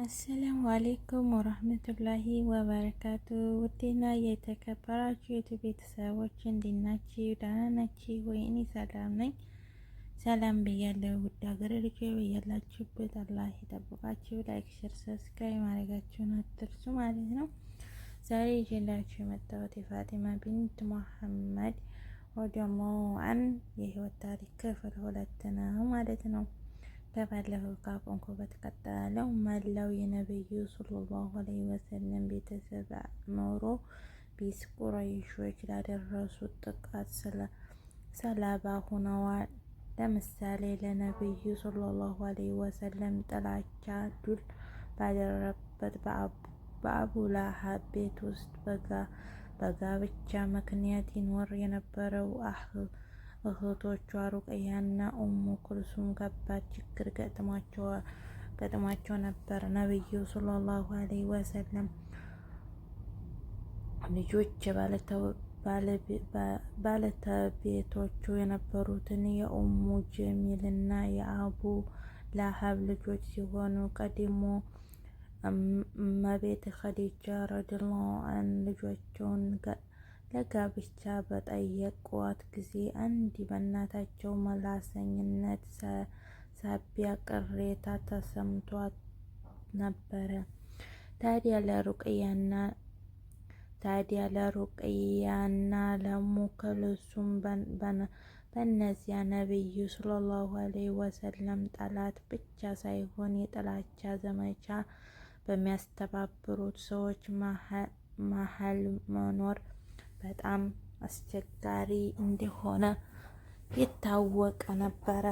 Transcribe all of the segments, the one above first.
አሰላሙ አሌይኩም ወረህመቱላሂ ወበረካቱ ውዴና የተከበራችሁ የቱ ቤተሰቦች እንዴት ናችሁ? ደህና ናችሁ ወይ? እኔ ሰላም ነኝ። ሰላም ብያለሁ። ውድ ሀገር ልጆ ብያላችሁበት አላህ የጠብቃችሁ። ላይክ፣ ሸር፣ ሰብስክራይብ ማድረጋችሁን አትርሱ ማለት ነው። ዛሬ ይዤላችሁ የመጣሁት የፋጢማ ቢንት መሐመድ ወደሞአን የህይወት ታሪክ ክፍል ሁለት ነው ማለት ነው። በባለፈው ካቆንኩ በተቀጠለው መላው የነብዩ ሰለላሁ ዐለይሂ ወሰለም ቤተሰብ ኖሮ ቢስ ቁረይሾች ላደረሱት ጥቃት ሰለባ ሆነዋል። ለምሳሌ ለነብዩ ሰለላሁ ዐለይሂ ወሰለም ጥላቻ ዱል ባደረበት በአቡ ለሀብ ቤት ውስጥ በጋብቻ ምክንያት ይኖር የነበረው አህል እህቶቿ ሩቅያና ኡሙ ኩልሱም ከባድ ችግር ገጥሟቸው ነበር። ነቢዩ ሰለላሁ ዐለይሂ ወሰለም ልጆች ባለተቤቶቹ የነበሩትን የኡሙ ጀሚልና የአቡ ላሀብ ልጆች ሲሆኑ ቀድሞ እመቤት ኸዲጃ ረዲየላሁ አን ልጆቸውን ለጋብቻ በጠየቅኳት ጊዜ አንድ በእናታቸው መላሰኝነት ሳቢያ ቅሬታ ተሰምቷት ነበረ። ታዲያ ለሩቅያና ለሙክልሱም በነዚያ ነቢዩ ሰለላሁ ዐለይሂ ወሰለም ጠላት ብቻ ሳይሆን የጥላቻ ዘመቻ በሚያስተባብሩት ሰዎች መሀል መኖር በጣም አስቸጋሪ እንደሆነ ይታወቀ ነበረ።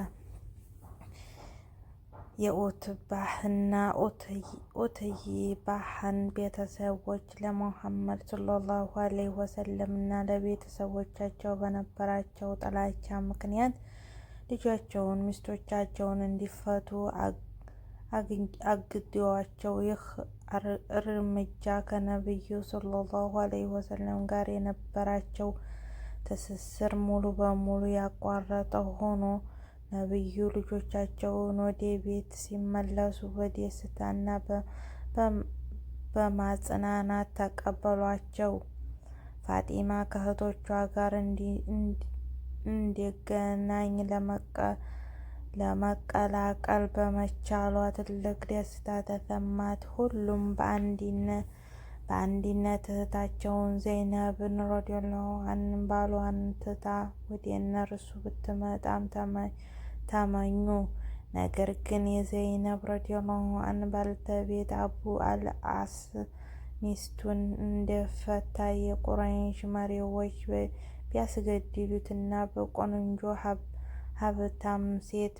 ኦትይ ባህን ቤተሰቦች ለሙሐመድ ሰለላሁ ወሰለም ወሰለምና ለቤተሰቦቻቸው በነበራቸው ጥላቻ ምክንያት ልጃቸውን፣ ሚስቶቻቸውን እንዲፈቱ ይህ እርምጃ ከነቢዩ ሰለላሁ ዓለይሂ ወሰለም ጋር የነበራቸው ትስስር ሙሉ በሙሉ ያቋረጠ ሆኖ ነቢዩ ልጆቻቸውን ወደ ቤት ሲመለሱ በደስታና በማጽናናት ተቀበሏቸው። ፋጢማ ከእህቶቿ ጋር እንዲገናኝ ለመቀላቀል በመቻሏ ትልቅ ደስታ ተሰማት። ሁሉም በአንድነት እህታቸውን ዘይነብን ረዲየላሁ ዐንሃ ባሏን ትታ ወደ እነርሱ ብትመጣም ተመኙ። ነገር ግን የዘይነብ ረዲየላሁ አን ባልተቤት አቡ አልአስ ሚስቱን እንደፈታ የቁረይሽ መሪዎች ቢያስገድሉትና በቆንጆ ሀብታም ሴት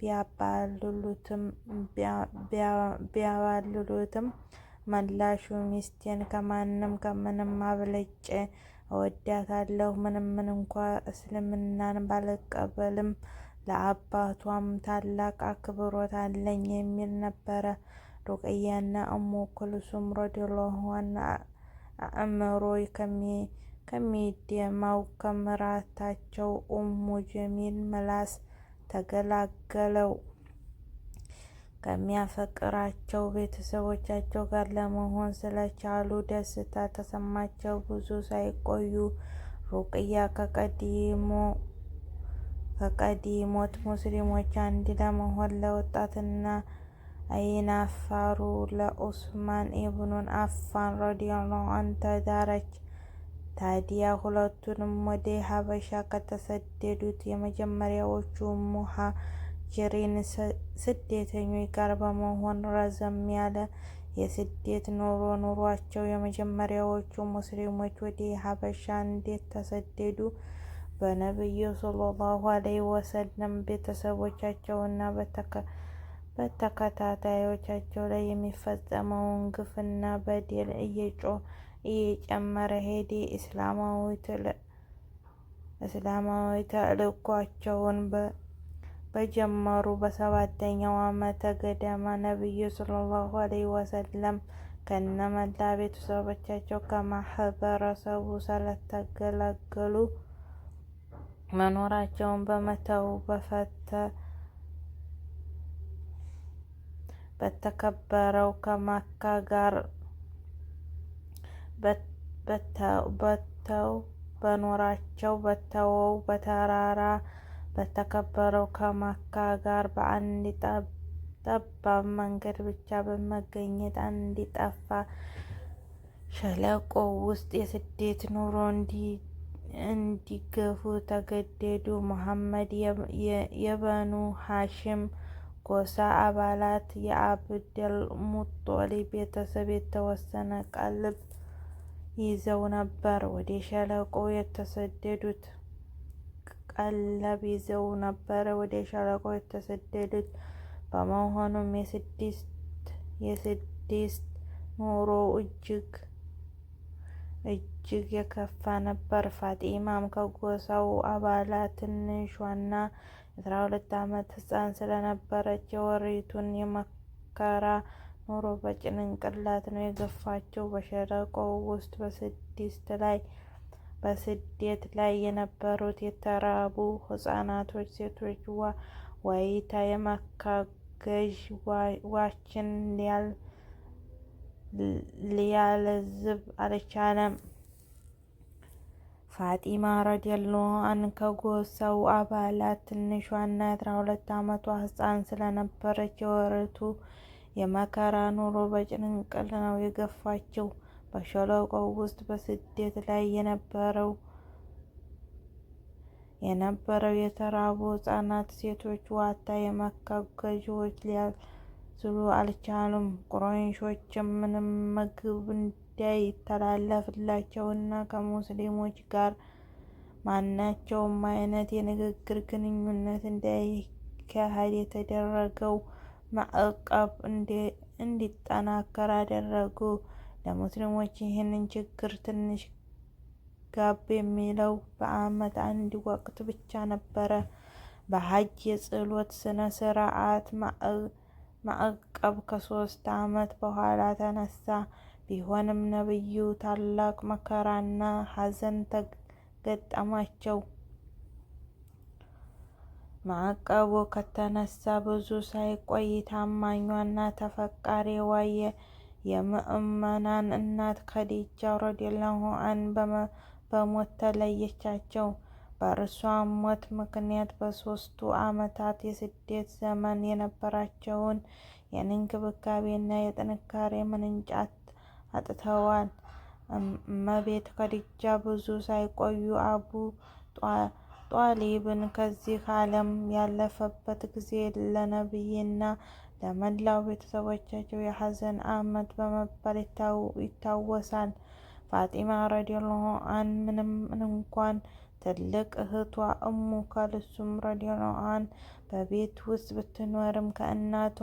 ቢያባልሉትም መላሹ ሚስቴን ከማንም ከምንም አብለጭ እወዳታለሁ። ምንም እንኳ እስልምናን ባልቀበልም ለአባቷም ታላቅ አክብሮት አለኝ የሚል ነበረ። ሩቅያና እሙ ኩልሱም ረዲየላሁ ዐንሃ አእምሮ ከሚደማው ከምራታቸው ኡሙ ጀሚል ምላስ ተገላገለው። ከሚያፈቅራቸው ቤተሰቦቻቸው ጋር ለመሆን ስለቻሉ ደስታ ተሰማቸው። ብዙ ሳይቆዩ ሩቅያ ከቀዲሞት ሙስሊሞች አንድ ለመሆን ለወጣትና አይናፋሩ ለኡስማን ኢብኑን አፋን ረዲየላሁ አንተ ተዳረች። ታዲያ ሁለቱንም ወደ ሀበሻ ከተሰደዱት የመጀመሪያዎቹ ሙሀጅሪን ስደተኞች ጋር በመሆን ረዘም ያለ የስደት ኑሮ ኑሯቸው የመጀመሪያዎቹ ሙስሊሞች ወደ ሀበሻ እንዴት ተሰደዱ? በነቢዩ ሰለላሁ ዓለይሂ ወሰለም ቤተሰቦቻቸውና በተከታታዮቻቸው ላይ የሚፈጸመውን ግፍና በደል እየጮህ እየጨመረ ሄደ። እስላማዊ ተልእኳቸውን በጀመሩ በሰባተኛው ዓመተ ገደማ ነቢዩ ሰለላሁ ዐለይሂ ወሰለም ከነመላ ቤተሰቦቻቸው ከማህበረሰቡ ሳይገለሉ መኖራቸውን በመተው በተከበረው ከመካ ጋር በተው በኖራቸው በተወው በተራራ በተከበረው ከመካ ጋር በአንድ ጠባብ መንገድ ብቻ በመገኘት አንድ ሸለቆ ውስጥ የስደት ኑሮ እንዲገፉ ተገደዱ። መሐመድ የበኑ ሐሽም ጎሳ አባላት የአብደል ሙጦሊብ ቤተሰብ የተወሰነ ቀልብ ይዘው ነበር። ወደ ሸለቆ የተሰደዱት ቀለብ ይዘው ነበር። ወደ ሸለቆ የተሰደዱት በመሆኑም የስድስት የስድስት ኑሮ እጅግ እጅግ የከፋ ነበር። ፋጢማም ከጎሳው አባላት ትንሿና አስራ ሁለት ዓመት ህፃን ስለነበረች የወሪቱን የመከራ ኑሮ በጭንቅላት ነው የገፋቸው። በሸረቆ ውስጥ በስድስት ላይ በስደት ላይ የነበሩት የተራቡ ህጻናቶች፣ ሴቶች፣ ዋይታ የማካገዥ ዋችን ሊያለዝብ አልቻለም። ፋጢማ ረዲየላሁ ዐንሃ ከጎሳው አባላት ትንሿ እና የአስራ ሁለት ዓመቷ ህፃን ስለነበረች የወረቱ የመከራ ኑሮ በጭንቅል ነው የገፋቸው። በሸለቆው ውስጥ በስደት ላይ የነበረው የነበረው የተራቡ ህጻናት፣ ሴቶች ዋታ የመካ ገዢዎች ሊያዝሉ አልቻሉም። ቁረይሾችም ምንም ምግብ እንዳይተላለፍላቸውና ከሙስሊሞች ጋር ማናቸውም አይነት የንግግር ግንኙነት እንዳይካሄድ የተደረገው ማዕቀብ እንዲጠናከር አደረጉ። ለሙስሊሞች ይህንን ችግር ትንሽ ጋብ የሚለው በዓመት አንድ ወቅት ብቻ ነበረ። በሀጅ የጸሎት ሥነ ሥርዓት ማዕቀብ ከሶስት ዓመት በኋላ ተነሳ። ቢሆንም ነብዩ ታላቅ መከራና ሀዘን ተገጠማቸው። ማዕቀቡ ከተነሳ ብዙ ሳይቆይ ታማኟና ተፈቃሪዋ የምዕመናን እናት ከዲጃ ረዲላሁ አን በሞት ተለየቻቸው። በእርሷ ሞት ምክንያት በሶስቱ ዓመታት የስደት ዘመን የነበራቸውን የእንክብካቤና የጥንካሬ ምንጫት አጥተዋል። እመቤት ከዲጃ ብዙ ሳይቆዩ አቡ ጧ። ጧሊብን ከዚህ ዓለም ያለፈበት ጊዜ ለነቢይና ለመላው ቤተሰቦቻቸው የሐዘን ዓመት በመባል ይታወሳል። ፋጢማ ረዲላሁ አን ምንም እንኳን ትልቅ እህቷ እሙ ከልሱም ረዲላሁ አን በቤት ውስጥ ብትኖርም ከእናቷ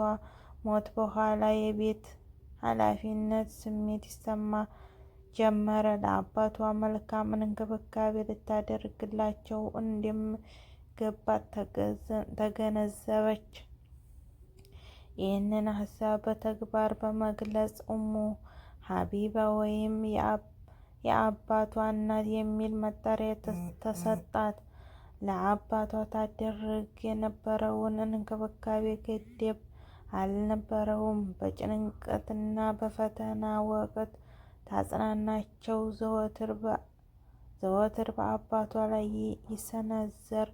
ሞት በኋላ የቤት ኃላፊነት ስሜት ይሰማል። ጀመረ። ለአባቷ መልካም እንክብካቤ ልታደርግላቸው እንደሚገባት ተገነዘበች። ይህንን ሀሳብ በተግባር በመግለጽ ኡሙ ሀቢባ ወይም የአባቷ እናት የሚል መጠሪያ ተሰጣት። ለአባቷ ታደርግ የነበረውን እንክብካቤ ገደብ አልነበረውም። በጭንቀትና በፈተና ወቅት ታጽናናቸው ዘወትር በአባቷ ላይ ይሰነዘር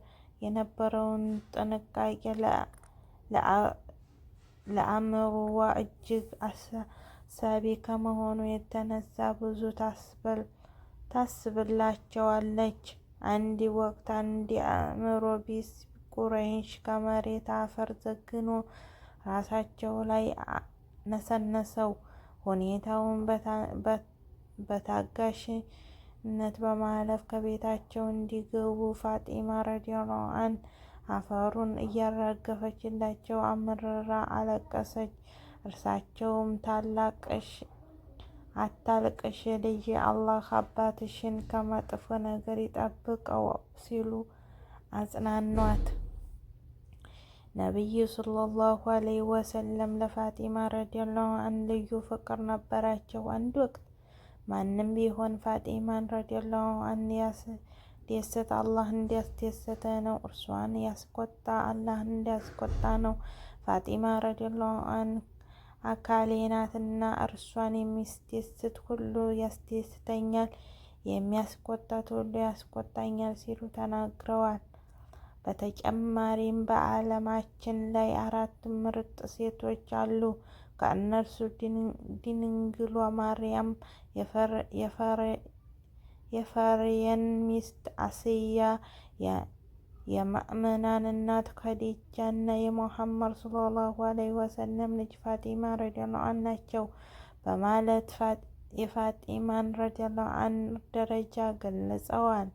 የነበረውን ጥንቃቄ ለአእምሮዋ እጅግ አሳቢ ከመሆኑ የተነሳ ብዙ ታስብላቸዋለች። አንድ ወቅት አንድ አእምሮ ቢስ ቁረይሽ ከመሬት አፈር ዘግኖ ራሳቸው ላይ ነሰነሰው። ሁኔታውን በታጋሽነት በማለፍ ከቤታቸው እንዲገቡ ፋጢማ ረዲየላሁ አን አፈሩን እያራገፈችላቸው አምርራ አለቀሰች። እርሳቸውም ታላቅሽ አታልቅሽ ልጄ፣ አላህ አባትሽን ከመጥፎ ነገር ይጠብቀው ሲሉ አጽናኗት። ነቢዩ ሰለላሁ አለይሂ ወሰለም ለፋጢማ ረዲየላሁ አን ልዩ ፍቅር ነበራቸው። አንድ ወቅት ማንም ቢሆን ፋጢማን ረዲየላሁ አን ያስደስት አላህ እንዲያስደሰተ ነው፣ እርሷን ያስቆጣ አላህ እንዲያስቆጣ ነው። ፋጢማ ረዲየላሁ አን አካሌ ናትና እርሷን የሚስደስት ሁሉ ያስደስተኛል፣ የሚያስቆጣት ሁሉ ያስቆጣኛል ሲሉ ተናግረዋል። በተጨማሪም በዓለማችን ላይ አራት ምርጥ ሴቶች አሉ። ከእነርሱ ድንግሏ ማርያም የፈርዖን ሚስት አስያ፣ የማእመናን እናት ከዲጃ እና የሙሐመድ ሰለላሁ ዐለይሂ ወሰለም ልጅ ፋጢማ ረዲየላሁ ናቸው በማለት የፋጢማን ረዲየላሁ ደረጃ ገልጸዋል።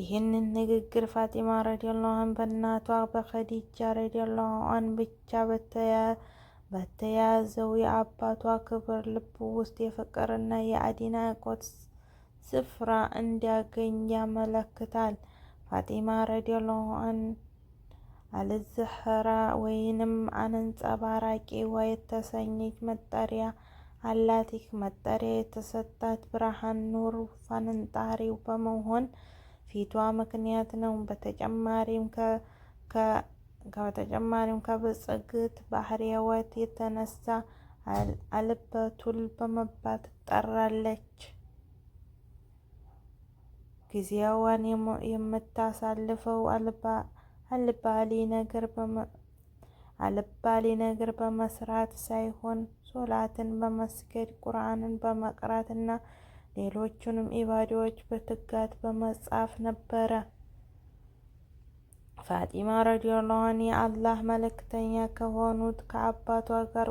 ይህንን ንግግር ፋጢማ ረዲየላሁ አን በእናቷ በኸዲጃ ረዲየላሁ አን ብቻ በተያዘው የአባቷ ክብር ልብ ውስጥ የፍቅርና የአድናቆት ስፍራ እንዲያገኝ ያመለክታል። ፋጢማ ረዲየላሁ አን አልዝህራ ወይንም አነንጸባራቂ የተሰኘች መጠሪያ አላት። ይህ መጠሪያ የተሰጣት ብርሃን ኑር ፈንጣሪው በመሆን ፊቷ ምክንያት ነው። በተጨማሪም ከተጨማሪም ከብጽግት ባህሪያወት የተነሳ አልበቱል በመባል ትጠራለች። ጊዜዋን የምታሳልፈው አልባሌ ነገር አልባሌ ነገር በመስራት ሳይሆን ሶላትን በመስገድ ቁርአንን በመቅራት እና ሌሎቹንም ኢባዳዎች በትጋት በመጻፍ ነበረ። ፋጢማ ረዲየላሁ አንሃ የአላህ መልእክተኛ ከሆኑት ከአባቷ ጋር